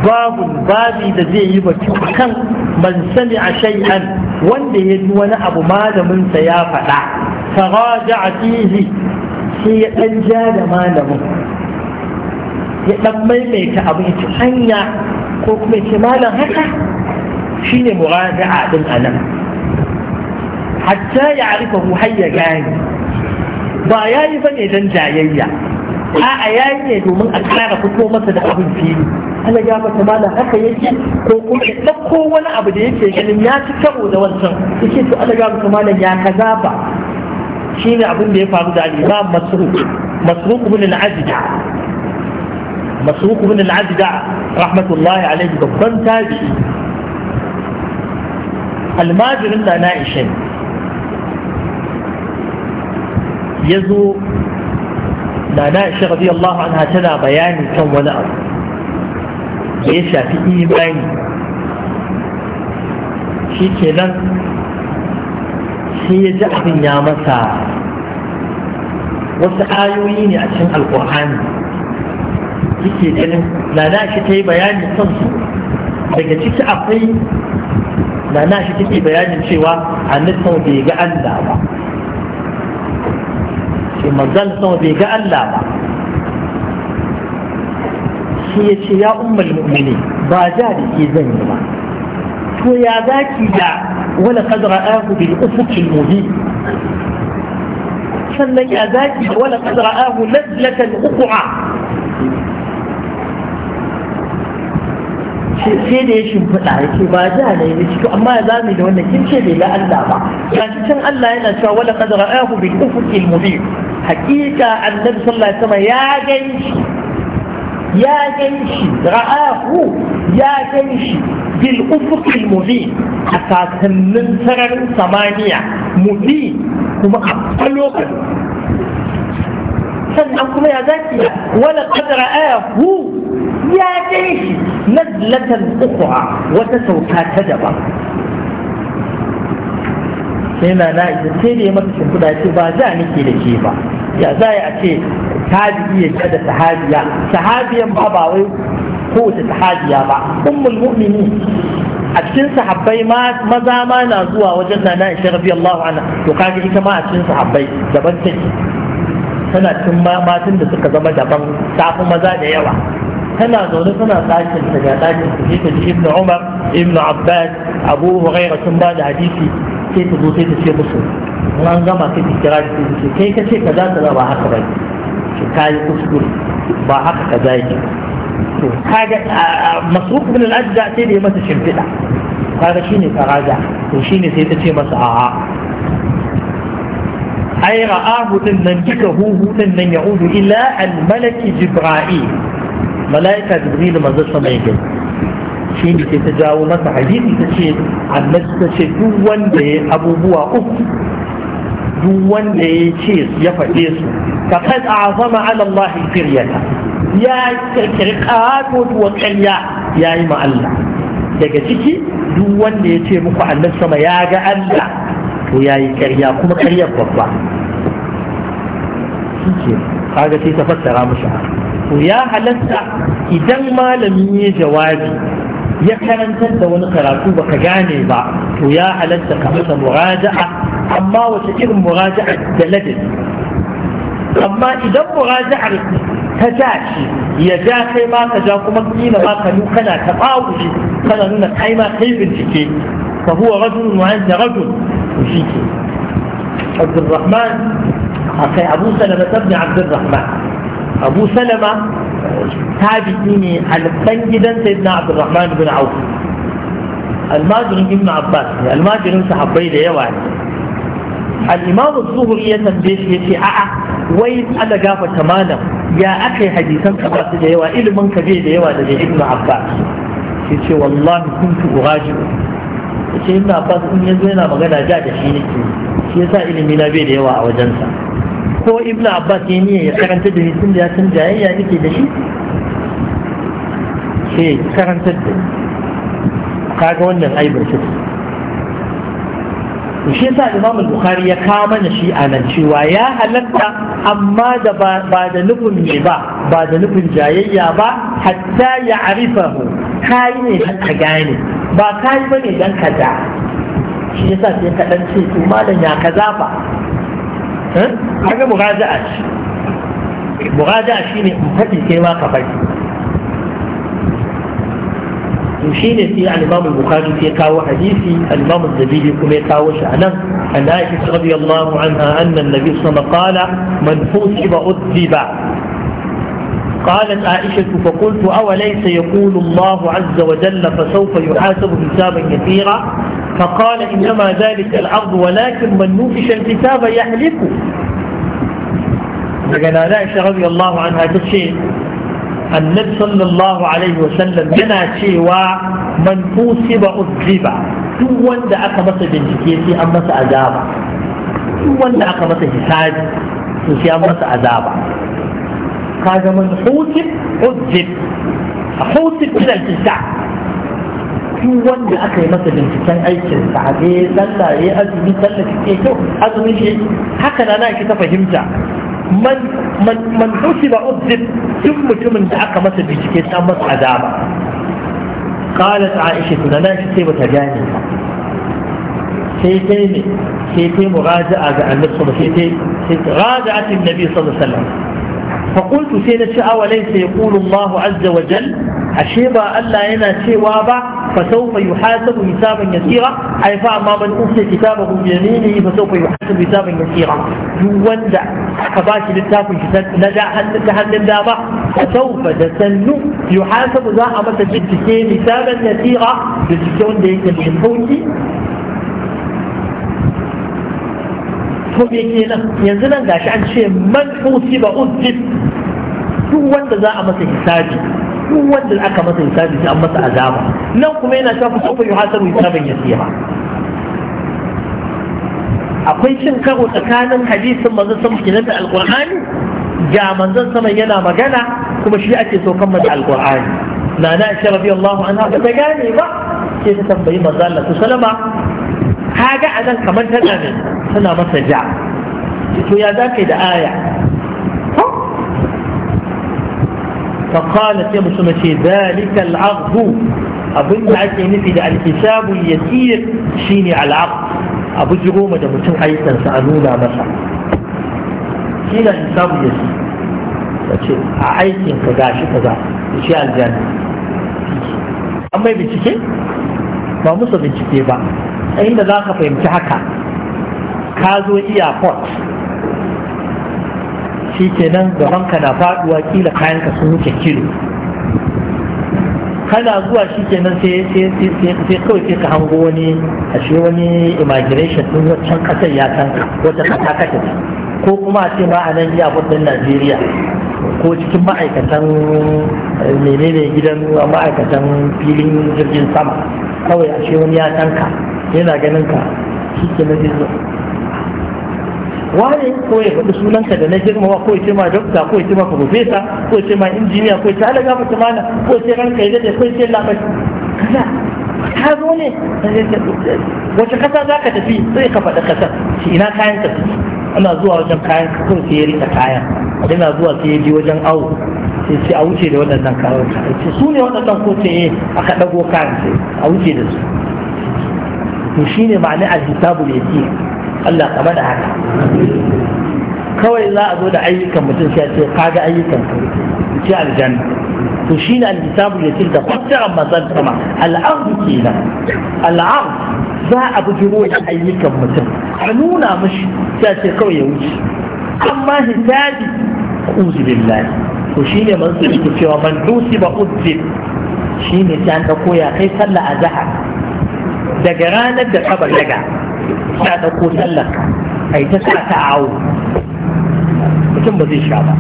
babu babi da zai yi batu kan man sani sami'a shay'an wanda ya ji wani abu malaminsa ya faɗa faraja a fihi sai ya ɗan ja da malamin ya ɗan maimaita abu ya hanya ko kuma ce malam haka shine muraja'a din anan hatta ya arifa mu har ya gane ba ya yi ba ne don jayayya a'a yayi ne domin a kara fito masa da abin fili ana ya mata mala haka yake ko kuma ya ɗauko wani abu da yake ganin ya ci karo da wancan yake to ana ya mata mala ya kaza ba ne abin da ya faru da al-Imam Masruq Masruq ibn al-Azda Masruq ibn al-Azda rahmatullahi alayhi babban tabi'i almajirin da na ishe ya zo na na ishe radiyallahu anha tana bayani kan wani abu da ya shafi imani shi ke nan, sai ya ji abin ya masa wasu ayoyi ne a cikin alkur'ani ke ganin nana shi ta yi bayanin son su daga ciki akwai nana shi yi bayanin cewa annabi bai ga Allah ba ce manzan sama bai ga Allah ba shi ya ce ya ummal mu'mini ba ja da ke zan yi ba to ya zaki da wani wala kadra ahu bil ufuqil muhi sannan ya zaki da wani wala kadra ahu nazlatan uqwa sai da ya shimfiɗa ya ce ba ja ne ya ce amma ya zami da wannan kin ce bai ga Allah ba ga can Allah yana cewa wala qad ra'ahu bil ufuqil mubin Haƙiƙa annabi sallallahu alaihi wasallam ya ganshi ya ganshi ra'ahu ya ganshi bil ufuqil mubin a sasannin sararin samaniya mubin kuma a lokacin sannan kuma ya zaki wala qad ra'ahu ya ganshi nadlatan ukhra wata sauka ta daban sai na na ita sai da ya mata shimfiɗa ce ba za ni ke da ke ba ya za a ce tabi'i ya da sahabiya sahabiyan ba ba wai da sahabiya ba ummul mu'mini a cikin sahabbai maza ma na zuwa wajen nana isha radiyallahu anha to kaga ita ma a cikin sahabbai daban take tana cikin matan da suka zama daban tafi maza da yawa tana zaune tana ɗakin ta ga ɗakin ta ibnu umar ibnu abbas abu hurairah sun ba da hadisi sai ta zo sai ta ce musu in an gama sai ta kira ta ce kai ka ce kaza kaza ba haka ba ki kayi kuskure ba haka kaza yake to kaga masruf bin al-ajda sai da ya masa shimfiɗa kaga shine faraja to shine sai ta ce masa a'a ai ra'ahu din nan kika huhu din nan ya'udu ila al-malaki jibra'il malaika jibril manzo sama yake shi ne ta jawo masa hadisi ta ce annabi ta ce duk wanda ya abubuwa uku duk wanda ya ce ya faɗe su ka kad azama ala Allah ya kirkiri kato wa ƙarya ya yi ma Allah daga ciki duk wanda ya ce muku annabi sama ya ga Allah to ya yi karya kuma ƙaryar babba kaga sai ta fassara mushi to ya halatta idan malami ya jawabi ya karantar da wani karatu baka gane ba to ya halatta ka masa muraja'a amma wace irin muraja'a da ladin amma idan muraja'ar ta ja shi ya ja kai ma ka ja kuma kila ma ka nu kana ta bawuri kana nuna kai ma kai bincike fa huwa rajulun wa anta rajul shi ke Abdulrahman akai Abu Salama ibn Abdulrahman Abu Salama tabi'i ne alban gidan sayyidina abdurrahman ibn auf almajirin ibn abbas ne almajirin sahabbai da yawa ne al-imam az-zuhri ya tambaye shi yace a'a wai ala gafa malam. ya akai hadisan ka ba da yawa ilimin ka bai da yawa daga ibn abbas yace wallahi kuntu uraji yace ibn abbas in yazo yana magana ja da shi nake shi yasa ilimi na bai da yawa a wajensa ko ibn abbas ya niyya ya karanta da ni tun da ya san jayayya yake da shi ke karanta da ni kaga wannan aibar shi shi yasa imam bukhari ya kawo mana shi a nan cewa ya halatta amma da ba da nufin ne ba ba da nufin jayayya ba hatta ya arifa kayi ne ka gane ba kayi bane dan kaza shi yasa sai ka dan ce to malam ya kaza ba kaga muraja'a ce muraja'a shine in faɗi sai ma ka faɗi to shine sai al-Imam al-Bukhari sai kawo hadisi al-Imam al-Zabidi kuma ya kawo shi anan an Aisha radiyallahu anha anna an-nabi sallallahu alaihi wasallam qala man fusiba udhiba قالت عائشة فقلت أوليس يقول الله عز وجل فسوف يحاسب حسابا كثيرا فقال انما ذلك الارض ولكن من نوفش الكتاب يحلف فقال ل عائشه رضي الله عنها تشيء النبي صلى الله عليه وسلم ي ن ا شيء ومن فوسب أ ذ ب ا هو ان اقمص بنتيتي أ م س أ ذ ا ب قال من فوسب أ ذ ب ا duk wanda aka yi masa binciken aikin sa a sallah ya azumi sallah ke to azumin shi haka na na ta fahimta man man man husiba udzib duk mutumin da aka masa bincike ta masa azaba gane عائشة sai شتي وتجاني سيتي مي. ga مراجعة عن نفسه سيتي راجعت النبي صلى الله عليه وسلم فقلت سينا شاء وليس يقول الله عز وجل أشيبا ألا ينا شيء وابا فسوف يحاسب حسابا يسيرا أي فأما من أوتي كتابه بيمينه فسوف يحاسب حسابا يسيرا يوزع فباشي للتاف الكتاب نجا حتى تحلل دابا فسوف تسن يحاسب ذا أمس الكتاب حسابا يسيرا بالكتاب ديك الحوتي ko me kenan yanzu nan gashi an ce man usiba duk wanda aka masa hisabi sai an masa azaba nan kuma yana shafi sofa yi hasaru hisaban ya siya akwai cin karo tsakanin hadisin manzon sama kenan da alkur'ani ga manzon sama yana magana kuma shi ake saukan masa alkur'ani na na shi radiyallahu an ba ta gane ba sai ta tambayi manzon Allah sallama a nan kamar tana ne tana masa ja to ya zakai da aya فقالت يا مسلمة ذلك العقد أبن عكي نفي الحساب اليسير شيني على العقد أبو جرومة مسلم أيضا سألونا مسا شيني الحساب اليسير ce a aikin ka gashi kaza shi aljanna an mai bincike ba musu bincike ba inda za ka fahimci haka ka zo iya port shi kenan gaban ka na faduwa kila kayan ka sun wuce kilo kana zuwa shi kenan sai sai kawai sai ka hango wani ashe wani imagination din wancan kasar ya tanka wata kasa kake ko kuma ce ma a nan iyakar din Najeriya ko cikin ma'aikatan eh, menene gidan ma'aikatan filin jirgin sama kawai ashe wani ya tanka yana ganin ka shi ke na zo wane ko ya faɗi sunanka da na girmama ko ya ce ma dokta ko ya ce ma profesa ko ya ce ma injiniya ko ya ce alaga mutum mana ko ya ce ranka ya dade ko ya ce labai kaza ka zo ne wace kasa za ka tafi sai ka faɗi kasar shi ina kayan ka ana zuwa wajen kayan ka kun sai ya rika kayan ina zuwa sai ya je wajen awo sai sai a wuce da waɗannan kayan ka sai su ne waɗannan ko sai eh, aka ɗago kayan sai a wuce da su to shine ma'ana al ya yaqin Allah kama da haka kawai za a zo da ayyukan mutum sai ce kaga ayyukan ce aljanna to shi ne alkitabu ya tilda kwattaran masar sama ke kenan al'ardu za a bujiro da ayyukan mutum a nuna mashi sai ce kawai ya wuce amma hisabi uzu billahi to shi ne manzo yake cewa man dusi ba uzzin shi ne ta koya kai sallah a zahar daga ranar da kabar daga ta ɗauko sallar a yi ta sa ta awo mutum ba zai sha ba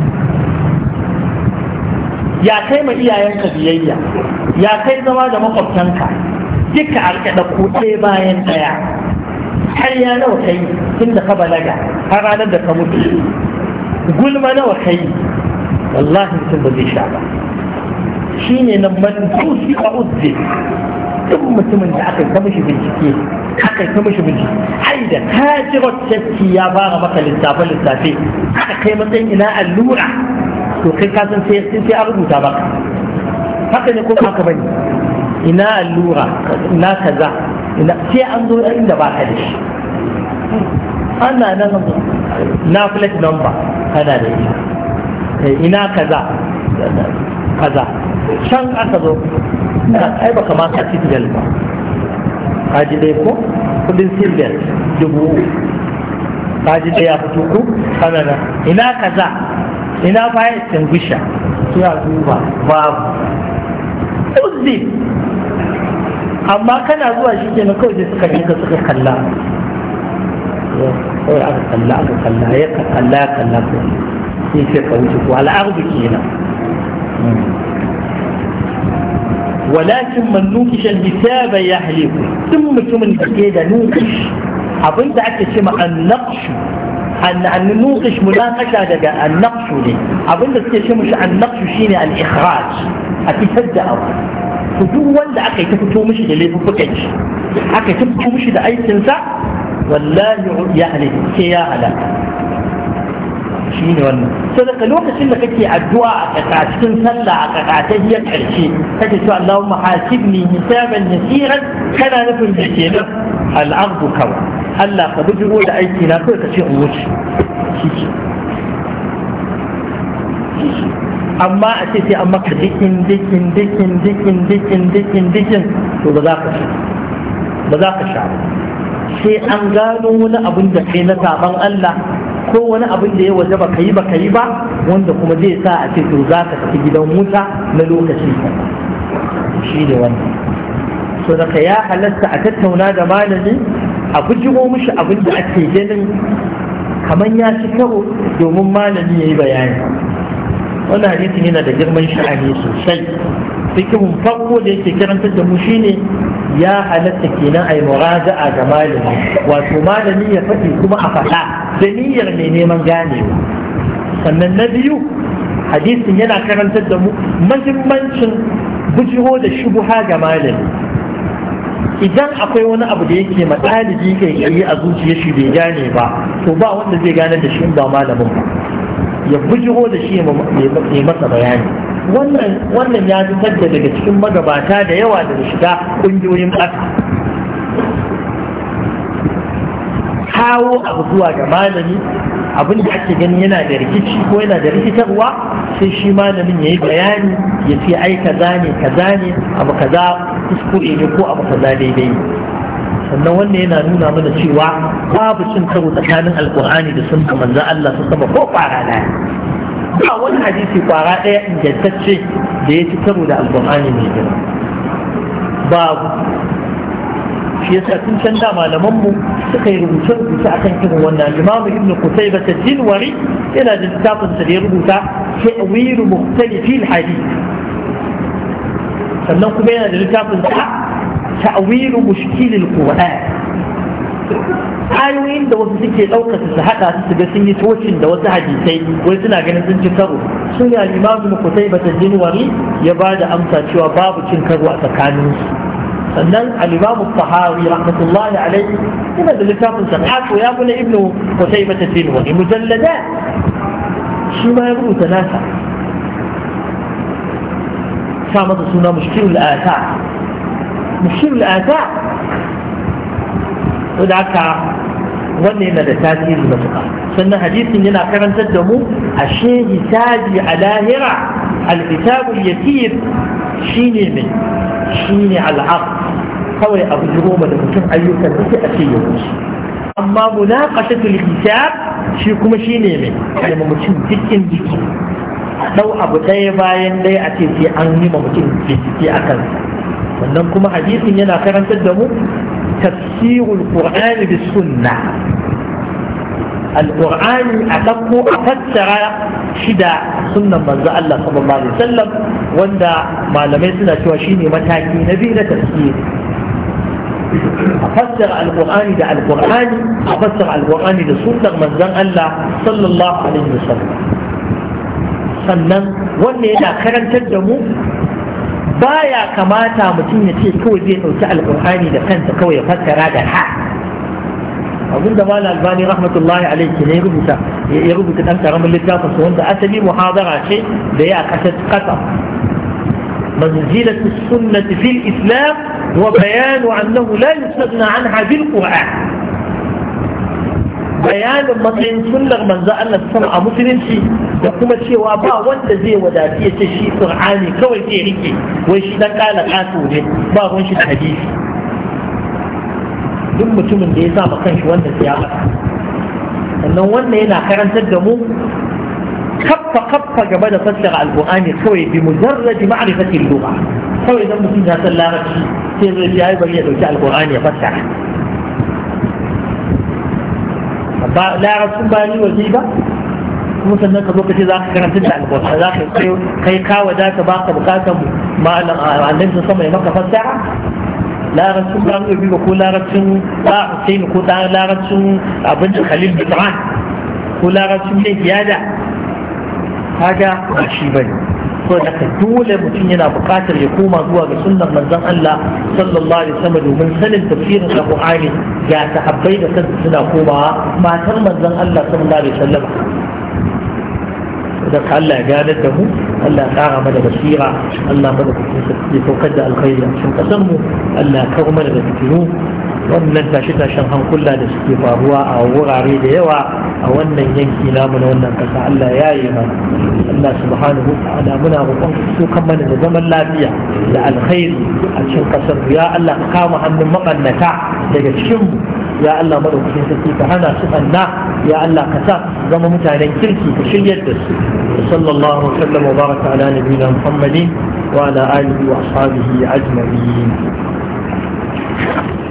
ya kai ma iyayenka biyayya ya kai zama da makwabtanka duka a rike ɗauko ɗaya bayan ɗaya har ya nawa kai tun da ka balaga har ranar da ka mutu gulma nawa kai wallahi mutum ba zai sha ba shi ne na mantusi a uzzi duk mutumin da aka kama shi bincike haka kai mishi miji ai da ka ji wacce ya fara maka littafin littafi haka kai matsayin ina allura to kai ka san sai sai an rubuta ba haka ne ko haka bane ina allura ina kaza ina sai an zo inda ba ka da shi ana nan na flat number kana da shi ina kaza kaza can aka zo ai baka ma ka ci ba kaji dai ko kudin silver dubu kaji dai ya fito ko kanana ina kaza ina fire gusha? suna duba babu uzzi amma kana zuwa shi ke na kawai suka dinga suka kalla kawai aka kalla aka kalla ya kalla ya kalla ko sai ka wuce ko ke kenan hmm. walakin man nukisha alhitaba yahliku duk mutumin da ke da nukish abin da ake ce ma annaqshu an nukish munakasha daga annaqshu ne abin da suke ce mushi annaqshu shine al-ikhraj a fitar da abu to duk wanda aka yi ta fito da aka ta fito da aikinsa wallahi ya halitta ya shi ne wannan sai daga lokacin da kake addu'a a kaka cikin sallah a kaka ta kakatayyar karshe kake cewa Allahumma hasibni hisaban yasiran kana nufin da ke nan al'ardu kawai Allah ka bi bujiro da aiki na kawai ka ce in wuce shi amma a ce sai an maka dikin dikin dikin dikin dikin dikin dikin to ba za ka sha ba za ka sha sai an gano wani abin da kai na saban Allah Ko wani abin da ya waje ba yi ba yi ba wanda kuma zai sa a ce to za ka tafi gidan wuta na lokaci shi ne wannan so daga ya halatta a tattauna da malami a guji mishi abin da ake ganin kamar ya ci karo domin malami ya yi bayani wannan hadisin yana da girman sha'ani sosai fikimin farko da yake karantar da mu shine ya halatta kenan a yi muraja'a ga malami wato malami ya faɗi kuma a faɗa da niyyar mai neman ganewa sannan na biyu hadisin yana karantar da mu mahimmancin bujiro da shubuha ga malami idan akwai wani abu da yake ma ɗalibi kai yi a zuciya shi bai gane ba to ba wanda zai gane da shi ba malamin ba ya bujiro da shi ya masa bayani wannan ya fitar da daga cikin magabata da yawa daga shiga ƙungiyoyin ƙasa kawo abu zuwa ga malami abin da ake gani yana da rikici ko yana da rikitarwa sai shi malamin ya yi bayani ya fi, ai kaza ne kaza ne abu kaza kuskure ne ko abu kaza daidai sannan wannan yana nuna mana cewa babu cin karo tsakanin alkur'ani da sun manzan Allah su sama ko kwara daya ba wani hadisi kwara daya ingantacce da ya ci karo da alkur'ani mai girma babu shi yasa tun can da malaman mu suka yi rubuce rubuce akan irin wannan imamu ibn qutayba tajinwari yana da littafin sa da ya rubuta ta'wil mukhtalifil hadith sannan kuma yana da littafin sa ta'wil mushkilil qur'an ayoyin da wasu suke ɗaukata su haɗa su su ga sun yi tocin da wasu hadisai wai suna ganin sun ci karo sun yi alimamu Kusai kutai bata jinwari ya ba da amsa cewa babu cin karo a tsakaninsu فنن الإمام الطحاوي رحمة الله عليه لما ذلكات سنحاك ويا ابن ابن قسيمة تنوي مجلدات شو ما يقولوا تنافع كما تصنع مشكل الآتاء مشكل الآتاء ودعك وني ما لتاتي المتقى سنة حديث لنا كما تدمو الشيء يساجي على هرع الكتاب اليسير شيني من شيني على العقل kawai abu jiro goma da mutum ayyukan da a ce ya wuce amma munaqashatul hisab shi kuma ne mai kalmar mutum cikin jiki dau abu ɗaya bayan ɗaya a ce sai an yi ma mutum a kan Wannan kuma hadisin yana karantar da mu tafsirul qur'ani bis sunna alqur'ani a dakko a fassara shida sunnan manzo Allah sallallahu alaihi wasallam wanda malamai suna cewa shine mataki na biyu na tafsiri أفسر القرآن دع القرآن أفسر القرآن لسنة من ذن الله صلى الله عليه وسلم sannan wanda yana karantar da mu baya kamata mutum ya ce kawai zai ɗauki alƙur'ani da kanta kawai ya fassara da ha abin da mala albani rahmatullahi alaihi ne rubuta ya rubuta ɗan karamin littafin wanda asali muhadara ce da ya kasar منزلة السنة في الإسلام وبيان أنه لا يستغنى عنها بالقرآن بيان مطعن سنة من ذا أن السنة مسلم شيء يقوم الشيء وأبا وانت زي وداتية شيء سرعاني كوي تيريكي ويش نقال قاتو لي ما غنش الحديث دم تمن ديزا مقنش وانت سيابا أنه وانا هنا خيران تدمو خط خط جبادة تشغى القرآن سوى بمجرد معرفة اللغة سوى إذا مسيح هذا اللغة سير الجائبة يدوشاء القرآن يفتح لغة سنبا لي وزيبة مثل ما كتبوك في ذاك كنا تدع القرآن ذاك كي قاوة ذاك باقة بقاتة ما علم سنصمع آه، مكة فتح لا رسول الله يقول لا رسول لا حسين يقول لا رسول أبنج خليل بطران يقول لا رسول ليه kaga ba shi ba ne, so da ka dole mutum yana buƙatar ya koma zuwa ga sunnan manzon Allah sallallahu alaihi wasallam domin sanin tafsirin Al-Qur'ani ga sahabbai da kansu suna komawa matar manzon Allah sallallahu alaihi wasallam da Allah ya gane da mu Allah ya kara mana basira Allah mana ya saukar da alkhairi a cikin kasar mu Allah ya kawo mana da fitinu wannan tashe-tashen hankula da suke faruwa a wurare da yawa a wannan yanki namu na wannan kasa Allah ya yi mana Allah subhanahu ta'ala muna roƙon su kan mana da zaman lafiya da alkhairi a cikin kasar ya Allah ka kama hannun mabannata daga cikin ya Allah madaukakin sarki ka hana su banna ya Allah ka sa zama mutanen kirki ka shiryar da su sallallahu alaihi wa sallam wa baraka ala nabiyina muhammadin wa ala alihi wa ashabihi ajma'in